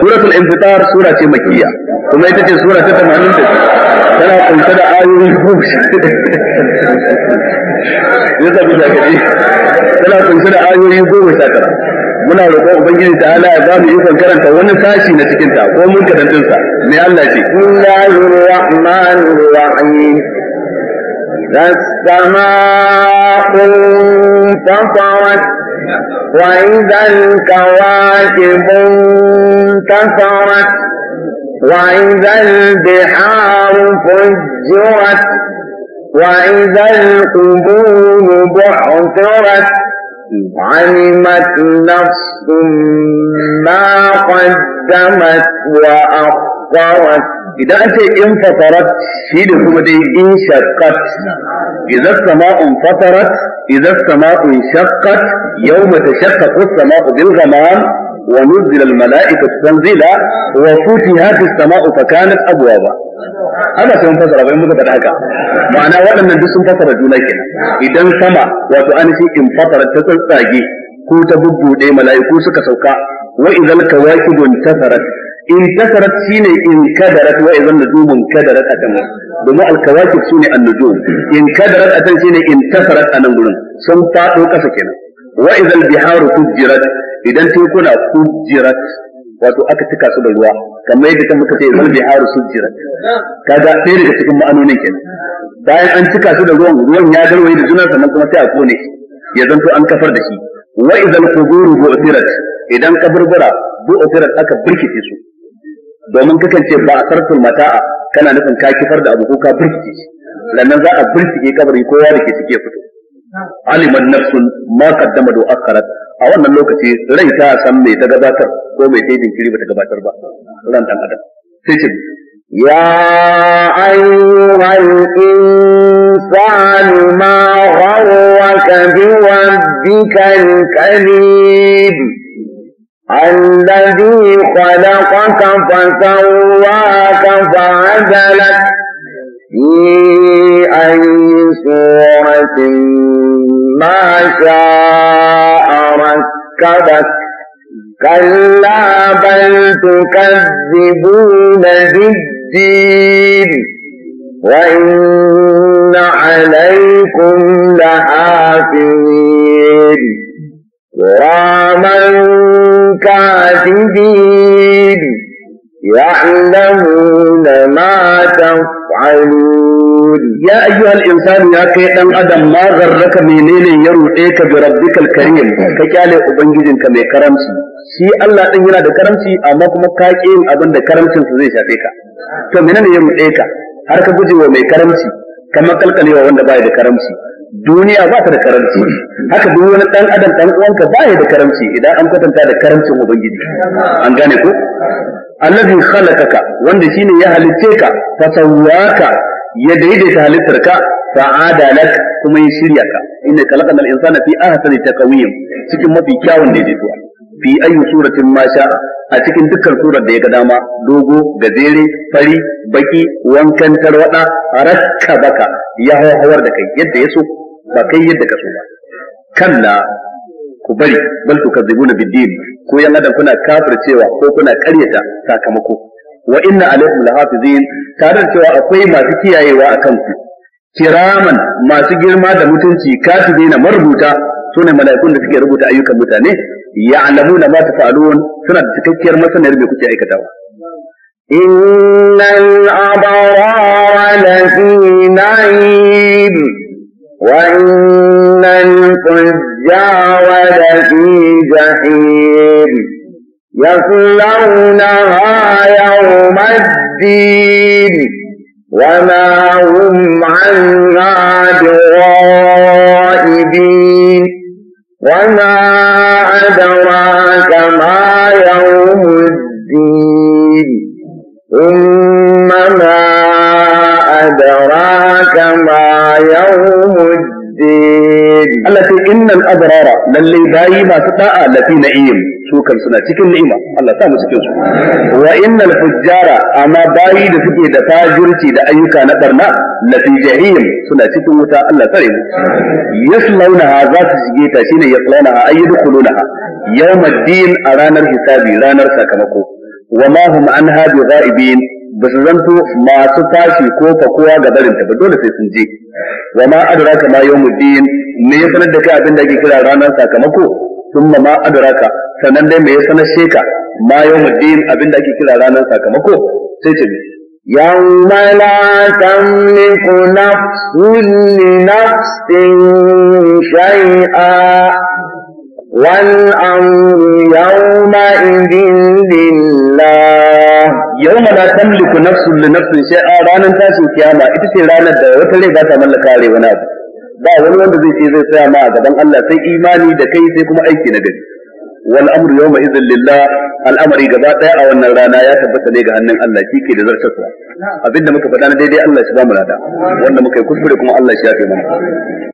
suratul infitar sura ce makiyya kuma ita ce sura ta 80 tana kunshe da ayoyi yasa bisa kaji tana kunshe da ayoyi goma sha tara muna roƙon ubangiji ta ala ya bamu ikon karanta wani sashi na cikin ta ko mun kadantun sa me Allah ce Allahu rahmanur rahim السماء انفطرت وإذا الكواكب انتثرت وإذا البحار فجرت وإذا القبور بعثرت علمت نفس ما قدمت وأخرت إذا أنت انفطرت في لكم دي انشقت إذا السماء انفطرت إذا السماء انشقت يوم تشقق السماء بالغمام ونزل الملائكة تنزيلا وفتحت السماء فكانت أبوابا أنا سأنفصل أبوابا متى تدعك معنى وأنا من دس انفصل جولاك إذا السماء وتؤنسي انفطرت تتلتاجي كوتا بجودي ملائكو سكسوكا وإذا الكواكب انتفرت in tasarat shine in kadarat wa idan nujumun kadarat a can domin alkawakib sune annujum in kadarat a can shine in tasarat a nan gurin sun faɗo ƙasa kenan wa idan biharu fujirat idan tekuna fujirat wato aka tuka su da ruwa kamar yadda kan muka ce idan biharu sujirat kaga ɗaya daga cikin ma'anonin kenan bayan an tuka su da ruwan ruwan ya garwaye da juna sannan kuma sai a kone ya zanto an kafar da shi wa idan quburu bu'thirat idan kaburbura bu'thirat aka birkice su domin kasance ba a sarfin a kana nufin ka kifar da abu ko ka birkice shi za a birkice kabari kowa da ke cike fito aliman nafsun ma kaddama do akkarat a wannan lokaci rai ta san me ta gabatar ko mai dai jinkiri ta gabatar ba ran dan adam sai ce ya ayyuhal insanu ma gharraka bi rabbikal الذي خلقك فسواك فعدلك في أي سورة ما شاء ركبك كلا بل تكذبون بالدين وإن عليكم لحافظين السبيل يعلمون ما تفعلون يا أيها الإنسان يا كيدن أدم ما غرك منين يروحيك بربك الكريم كيالي أبنجدين كمي كرمسي shi Allah ɗin yana da karamci amma kuma ka yin abin karamcin su zai shafe ka to menene ya ruɗe ka har ka guje wa mai karamci ka makalkalewa wanda baya da karamci duniya ba ta da karamci haka duk wani dan adam dan uwanka ba ya da karamci idan an kwatanta da karamcin ubangiji an gane ko allazi khalaqaka wanda shine ya halicce ka fa sawwaka ya daidaita halittar ka fa adalak kuma ya shirya ka inna khalaqal insana fi ahsani taqwim cikin mafi kyawun daidaituwa fi ayi suratin ma a cikin dukkan surar da ya ga dama dogo gajere fari baki wankan tarwada rakka baka ya hawar da kai yadda ya so ba kai yadda ka so ba kalla ku bari bal ku kazzibuna biddin ko yan adam kuna cewa, ko kuna karyata sakamako wa inna alaikum lahafizin tare cewa akwai masu kiyayewa a kanku kiraman masu girma da mutunci katibina marubuta sune mala'ikun da suke rubuta ayyukan mutane ya'lamuna ta tafa'alun suna da cikakkiyar masaniyar me kuke aikata wa na abara na fi na'im wa innal fujjara la fi jahim yaslawnaha yawmad din wa ma hum 'anha innal abrara lallai bayi masu da'a lafi na'im su kan suna cikin ni'ima Allah ta mu cikin su wa innal fujjara amma bayi da suke da fajirci da ayyuka na barna lafi jahim suna cikin wuta Allah tsare mu yaslaunaha za su shige ta shine yaslaunaha ayyudkhulunaha yawmaddin a ranar hisabi ranar sakamako wa ma hum anha bi ba su zanto masu tashi ko fakowa ga barinta ba dole sai sun je wa ma adraka ma yawmuddin me ya sanar da kai abin da ake kira ranar sakamako thumma ma adraka sannan dai me ya sanar sheka ma yawmuddin abin da ake kira ranar sakamako sai ce يوم لا تملك نفس لنفس شيئا والأمر يومئذ لله يوم لا تملك نفس لنفس شيئا رانا تاسو كياما ita ce ranar da wata rai za ta mallaka rai wani abu ba wani wanda zai ce zai tsaya ma a gaban Allah sai imani da kai sai kuma aiki na gari wal amru yawma idhil lillah al'amari gaba daya a wannan rana ya tabbata ne ga hannun Allah kike da zartarsa abinda muka faɗa na daidai Allah shi ba mu lada wanda muka yi kuskure kuma Allah shi ya fi mana